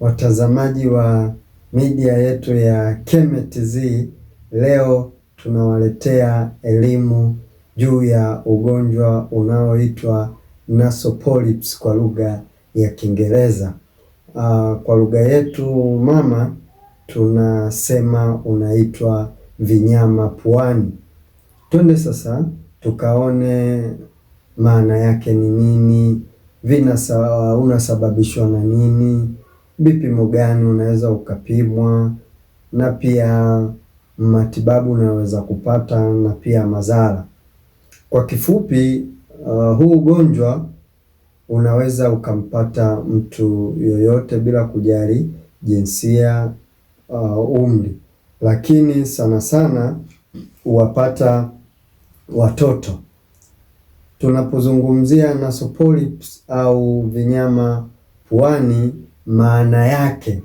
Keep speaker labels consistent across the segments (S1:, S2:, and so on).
S1: watazamaji wa media yetu ya Keme TZ. Leo tunawaletea elimu juu ya ugonjwa unaoitwa nasal polyps kwa lugha ya Kiingereza. Uh, kwa lugha yetu mama tunasema unaitwa vinyama puani. Twende sasa tukaone maana yake ni nini, vinasababishwa na nini vipimo gani unaweza ukapimwa na pia matibabu unaweza kupata na pia madhara. Kwa kifupi, uh, huu ugonjwa unaweza ukampata mtu yoyote bila kujali jinsia, uh, umri, lakini sana sana huwapata watoto. Tunapozungumzia nasopoli au vinyama puani maana yake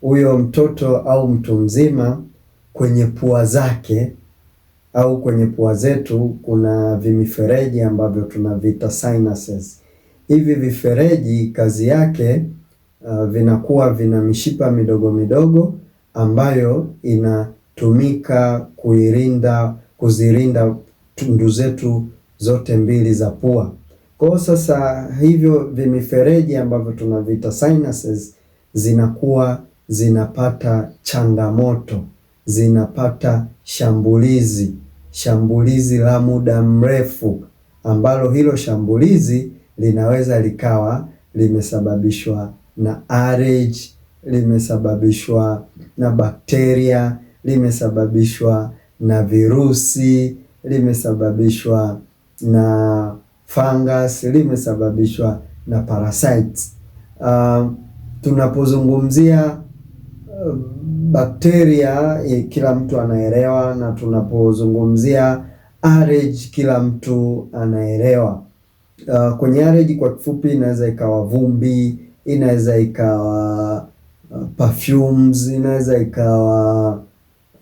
S1: huyo mtoto au mtu mzima kwenye pua zake au kwenye pua zetu kuna vimifereji ambavyo tunaviita sinuses. Hivi vifereji kazi yake uh, vinakuwa vina mishipa midogo midogo ambayo inatumika kuirinda kuzirinda tundu zetu zote mbili za pua. Kwa sasa hivyo vimifereji ambavyo tunaviita sinuses zinakuwa zinapata changamoto, zinapata shambulizi, shambulizi la muda mrefu, ambalo hilo shambulizi linaweza likawa limesababishwa na allergy, limesababishwa na bakteria, limesababishwa na virusi, limesababishwa na fungus limesababishwa na parasites. Uh, tunapozungumzia uh, bakteria e, kila mtu anaelewa, na tunapozungumzia allergy kila mtu anaelewa. Uh, kwenye allergy kwa kifupi inaweza ikawa vumbi, inaweza ikawa uh, perfumes, inaweza ikawa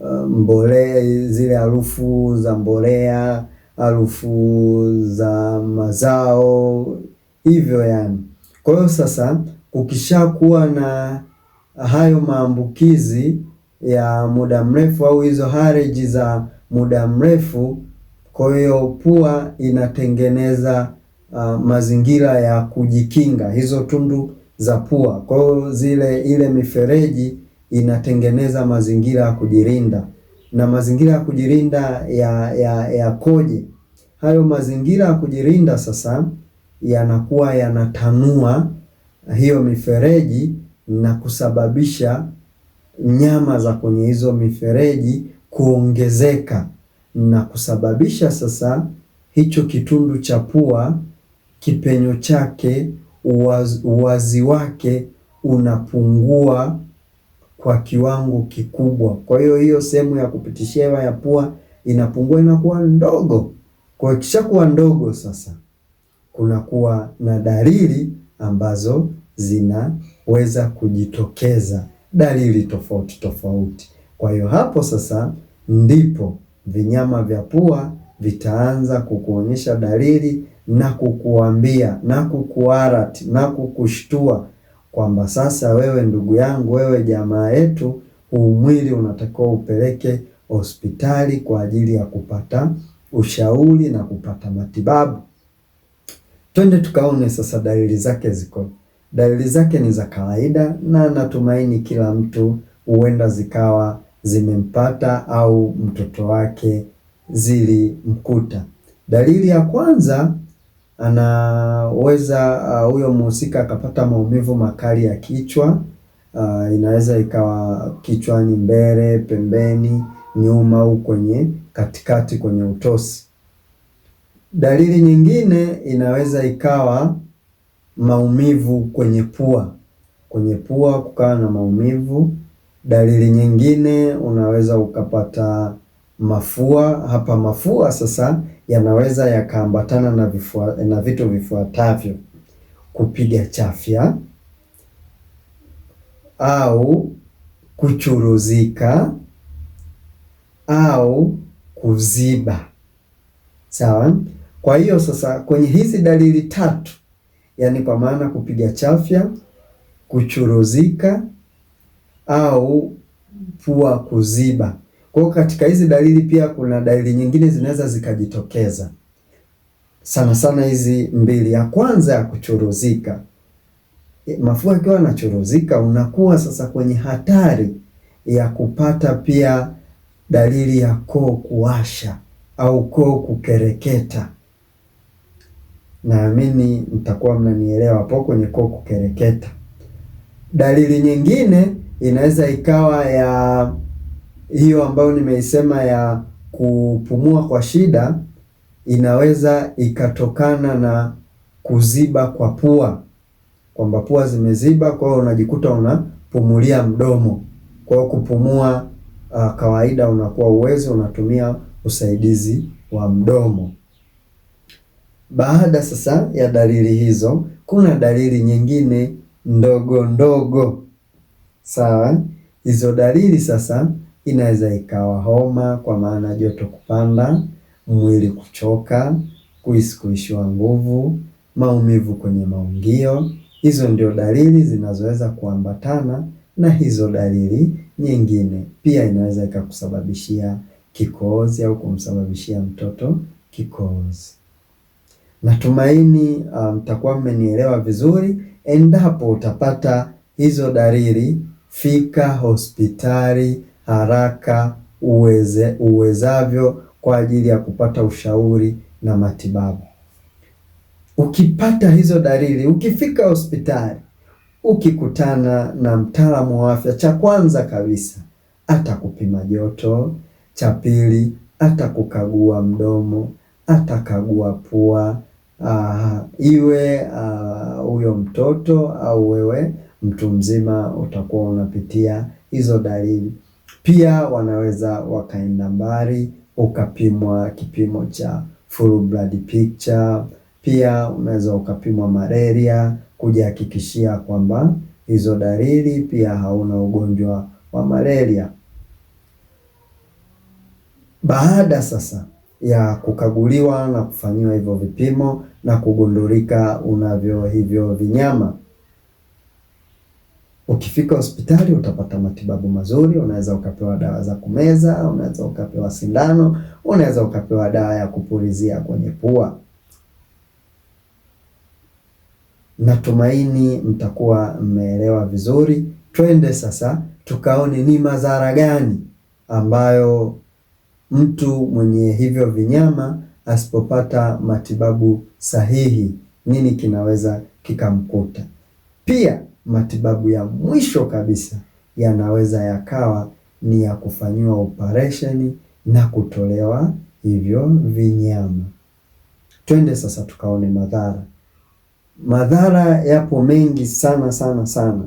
S1: uh, mbolea, zile harufu za mbolea harufu za mazao hivyo yani. Kwa hiyo sasa, ukishakuwa na hayo maambukizi ya muda mrefu au hizo hareji za muda mrefu, kwa hiyo pua inatengeneza uh, mazingira ya kujikinga hizo tundu za pua. Kwa hiyo zile ile mifereji inatengeneza mazingira ya kujilinda na mazingira ya kujirinda ya ya yakoje? Hayo mazingira ya kujirinda sasa yanakuwa yanatanua hiyo mifereji na kusababisha nyama za kwenye hizo mifereji kuongezeka na kusababisha sasa hicho kitundu cha pua kipenyo chake uwazi, uwazi wake unapungua kwa kiwango kikubwa. Kwa hiyo hiyo sehemu ya kupitishia hewa ya pua inapungua, inakuwa ndogo. Kwa hiyo ikishakuwa ndogo sasa, kunakuwa na dalili ambazo zinaweza kujitokeza, dalili tofauti tofauti. Kwa hiyo hapo sasa ndipo vinyama vya pua vitaanza kukuonyesha dalili na kukuambia na kukuarat na kukushtua kwamba sasa, wewe ndugu yangu, wewe jamaa yetu, huu mwili unatakiwa upeleke hospitali kwa ajili ya kupata ushauri na kupata matibabu. Twende tukaone sasa dalili zake ziko. Dalili zake ni za kawaida, na natumaini kila mtu huenda zikawa zimempata au mtoto wake zilimkuta. Dalili ya kwanza anaweza uh, huyo uh, mhusika akapata maumivu makali ya kichwa uh, inaweza ikawa kichwani, mbele, pembeni, nyuma au kwenye katikati, kwenye utosi. Dalili nyingine inaweza ikawa maumivu kwenye pua, kwenye pua kukawa na maumivu. Dalili nyingine unaweza ukapata mafua hapa. Mafua sasa yanaweza yakaambatana na, na vitu vifuatavyo: kupiga chafya au kuchuruzika au kuziba. Sawa. Kwa hiyo sasa, kwenye hizi dalili tatu, yaani kwa maana kupiga chafya, kuchuruzika au pua kuziba kwa katika hizi dalili pia kuna dalili nyingine zinaweza zikajitokeza, sana sana hizi mbili. Ya kwanza ya kuchuruzika, mafua akiwa anachuruzika, unakuwa sasa kwenye hatari ya kupata pia dalili ya koo kuwasha au koo kukereketa. Naamini mtakuwa mnanielewa hapo kwenye koo kukereketa. Dalili nyingine inaweza ikawa ya hiyo ambayo nimeisema ya kupumua kwa shida inaweza ikatokana na kuziba kwa pua, kwamba pua zimeziba, kwa hiyo unajikuta unapumulia mdomo. Kwa hiyo kupumua uh, kawaida unakuwa uwezo unatumia usaidizi wa mdomo. Baada sasa ya dalili hizo, kuna dalili nyingine ndogo ndogo, sawa? Hizo dalili sasa inaweza ikawa homa, kwa maana joto kupanda, mwili kuchoka, kuhisi kuishiwa nguvu, maumivu kwenye maungio. Hizo ndio dalili zinazoweza kuambatana na hizo dalili nyingine. Pia inaweza ikakusababishia kikohozi au kumsababishia mtoto kikohozi. Natumaini ah, mtakuwa um, mmenielewa vizuri. Endapo utapata hizo dalili, fika hospitali haraka uweze, uwezavyo kwa ajili ya kupata ushauri na matibabu. Ukipata hizo dalili, ukifika hospitali, ukikutana na mtaalamu wa afya, cha kwanza kabisa atakupima joto, cha pili atakukagua mdomo, atakagua pua, aa, iwe ah, huyo mtoto au wewe mtu mzima utakuwa unapitia hizo dalili. Pia wanaweza wakaenda mbali, ukapimwa kipimo cha full blood picture. Pia unaweza ukapimwa malaria kujihakikishia kwamba hizo dalili pia hauna ugonjwa wa malaria. Baada sasa ya kukaguliwa na kufanyiwa hivyo vipimo na kugundulika unavyo hivyo vinyama Ukifika hospitali utapata matibabu mazuri, unaweza ukapewa dawa za kumeza, unaweza ukapewa sindano, unaweza ukapewa dawa ya kupulizia kwenye pua. Natumaini mtakuwa mmeelewa vizuri. Twende sasa tukaone ni madhara gani ambayo mtu mwenye hivyo vinyama asipopata matibabu sahihi, nini kinaweza kikamkuta pia matibabu ya mwisho kabisa yanaweza yakawa ni ya kufanyiwa operesheni na kutolewa hivyo vinyama. Twende sasa tukaone madhara. Madhara yapo mengi sana sana sana,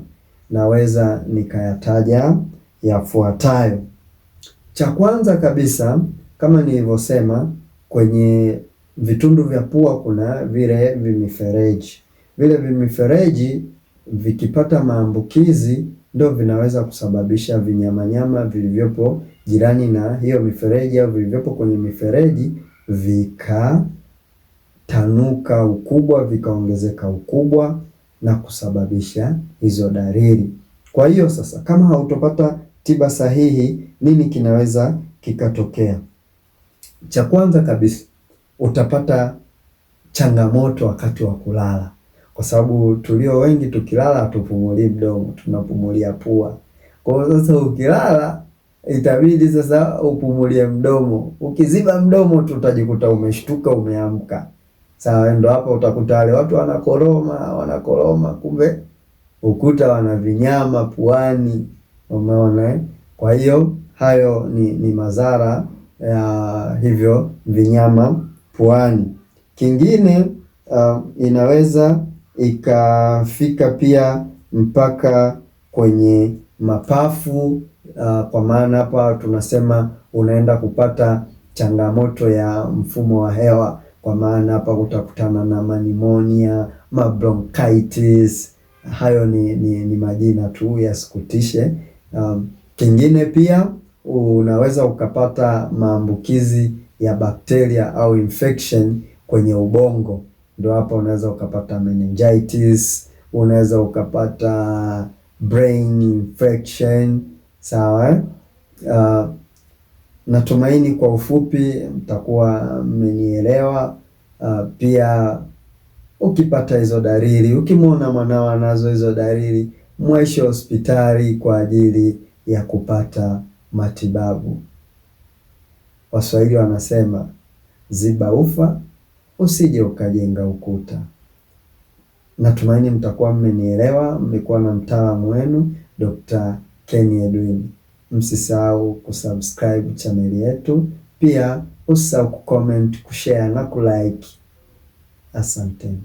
S1: naweza nikayataja yafuatayo. Cha kwanza kabisa, kama nilivyosema, kwenye vitundu vya pua kuna vile vimifereji, vile vimifereji vikipata maambukizi ndo vinaweza kusababisha vinyamanyama vilivyopo jirani na hiyo mifereji au vilivyopo kwenye mifereji vikatanuka ukubwa, vikaongezeka ukubwa na kusababisha hizo dalili. Kwa hiyo sasa, kama hautopata tiba sahihi, nini kinaweza kikatokea? Cha kwanza kabisa utapata changamoto wakati wa kulala kwa sababu tulio wengi tukilala tupumuli mdomo, tunapumulia pua. Kwa hiyo sasa ukilala itabidi sasa upumulie mdomo. Ukiziba mdomo tu utajikuta umeshtuka umeamka. Sawa, ndo hapo utakuta wale watu wanakoroma, wanakoroma kumbe ukuta wana vinyama puani, umeona eh? Kwa hiyo hayo ni, ni madhara ya hivyo vinyama puani. Kingine uh, inaweza ikafika pia mpaka kwenye mapafu. Uh, kwa maana hapa tunasema unaenda kupata changamoto ya mfumo wa hewa, kwa maana hapa utakutana na manimonia, mabronkitis. Hayo ni, ni, ni majina tu yasikutishe. Um, kingine pia unaweza ukapata maambukizi ya bakteria au infection kwenye ubongo ndio hapa unaweza ukapata meningitis, unaweza ukapata brain infection sawa. Uh, natumaini kwa ufupi mtakuwa mmenielewa. Uh, pia ukipata hizo dalili, ukimwona mwanao anazo hizo dalili, mwaishe hospitali kwa ajili ya kupata matibabu. Waswahili wanasema ziba ufa usije ukajenga ukuta. Natumaini mtakuwa mmenielewa. Mmekuwa na mtaalamu wenu Dr. Ken Edwin. Msisahau kusubscribe chaneli yetu, pia usisahau kucomment, kushare na kulike. Asanteni.